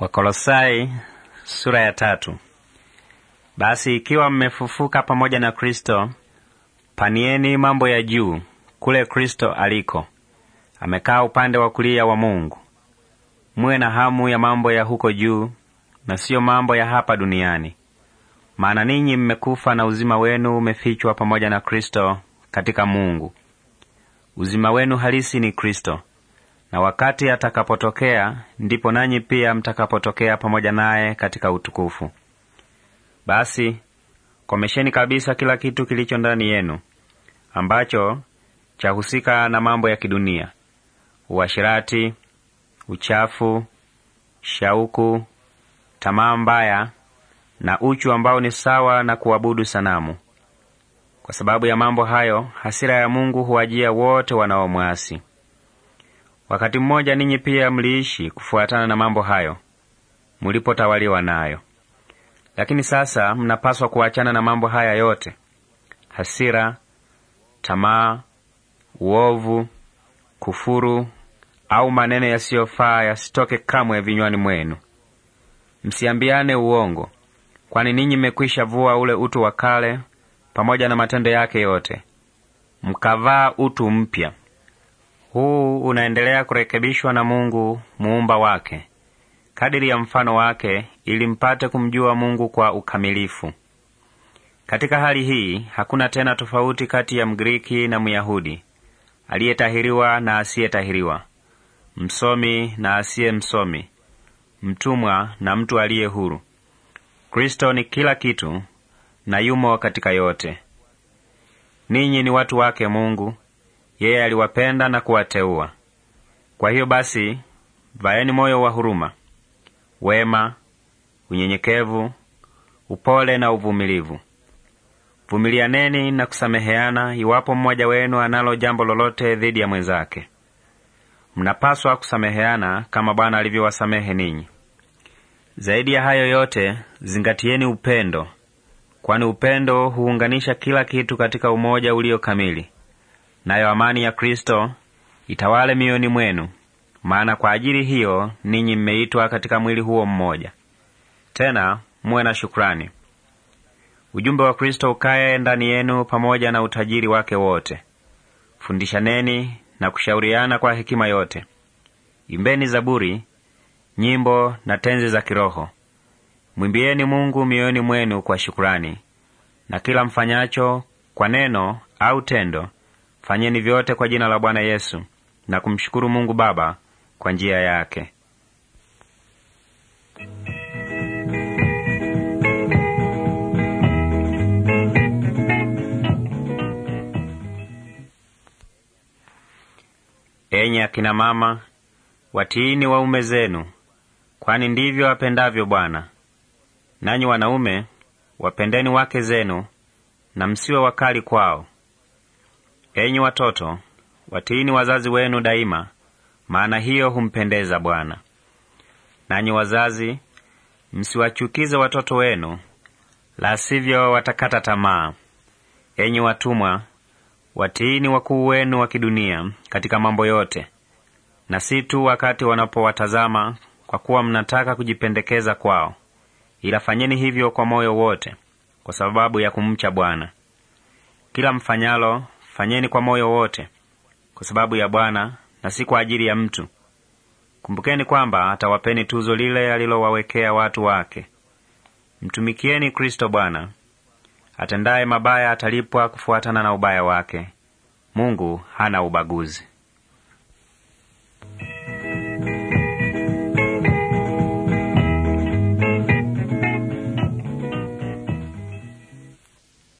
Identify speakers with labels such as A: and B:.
A: Wakolosai sura ya tatu. Basi ikiwa mmefufuka pamoja na Kristo, panieni mambo ya juu kule Kristo aliko amekaa upande wa kulia wa Mungu. Muwe na hamu ya mambo ya huko juu na siyo mambo ya hapa duniani, maana ninyi mmekufa na uzima wenu umefichwa pamoja na Kristo katika Mungu. Uzima wenu halisi ni Kristo na wakati atakapotokea, ndipo nanyi pia mtakapotokea pamoja naye katika utukufu. Basi komesheni kabisa kila kitu kilicho ndani yenu ambacho chahusika na mambo ya kidunia: uashirati, uchafu, shauku, tamaa mbaya na uchu ambao ni sawa na kuabudu sanamu. Kwa sababu ya mambo hayo, hasira ya Mungu huwajia wote wanaomwasi. Wakati mmoja ninyi pia mliishi kufuatana na mambo hayo mulipotawaliwa nayo. Lakini sasa mnapaswa kuachana na mambo haya yote: hasira, tamaa, uovu, kufuru au maneno yasiyofaa yasitoke kamwe vinywani mwenu. Msiambiane uongo, kwani ninyi mmekwisha vua ule utu wa kale pamoja na matendo yake yote, mkavaa utu mpya huu unaendelea kurekebishwa na Mungu muumba wake kadiri ya mfano wake, ili mpate kumjua Mungu kwa ukamilifu. Katika hali hii hakuna tena tofauti kati ya Mgiriki na Myahudi, aliyetahiriwa na asiyetahiriwa, msomi na asiye msomi, mtumwa na mtu aliye huru. Kristo ni kila kitu na yumo katika yote. Ninyi ni watu wake Mungu yeye aliwapenda na kuwateua. Kwa hiyo basi, vaeni moyo wa huruma, wema, unyenyekevu, upole na uvumilivu. Vumilianeni na kusameheana, iwapo mmoja wenu analo jambo lolote dhidi ya mwenzake. Mnapaswa kusameheana kama Bwana alivyowasamehe ninyi. Zaidi ya hayo yote, zingatieni upendo, kwani upendo huunganisha kila kitu katika umoja ulio kamili nayo amani ya Kristo itawale mioyoni mwenu, maana kwa ajili hiyo ninyi mmeitwa katika mwili huo mmoja. Tena muwe na shukrani. Ujumbe wa Kristo ukaye ndani yenu pamoja na utajiri wake wote. Fundishaneni na kushauriana kwa hekima yote. Imbeni zaburi, nyimbo na tenzi za kiroho. Mwimbieni Mungu mioyoni mwenu kwa shukurani, na kila mfanyacho kwa neno au tendo Fanyeni vyote kwa jina la Bwana Yesu na kumshukuru Mungu Baba kwa njia yake. Enyi akina mama, watiini waume zenu, kwani ndivyo wapendavyo Bwana. Nanyi wanaume, wapendeni wake zenu na msiwe wakali kwao, Enyi watoto, watiini wazazi wenu daima, maana hiyo humpendeza Bwana. Nanyi wazazi, msiwachukize watoto wenu, la sivyo watakata tamaa. Enyi watumwa, watiini wakuu wenu wa kidunia katika mambo yote, na si tu wakati wanapowatazama, kwa kuwa mnataka kujipendekeza kwao, ila fanyeni hivyo kwa moyo wote, kwa sababu ya kumcha Bwana. Kila mfanyalo Fanyeni kwa moyo wote, kwa sababu ya Bwana na si kwa ajili ya mtu. Kumbukeni kwamba atawapeni tuzo lile alilowawekea watu wake. Mtumikieni Kristo Bwana. Atendaye mabaya atalipwa kufuatana na ubaya wake. Mungu hana ubaguzi.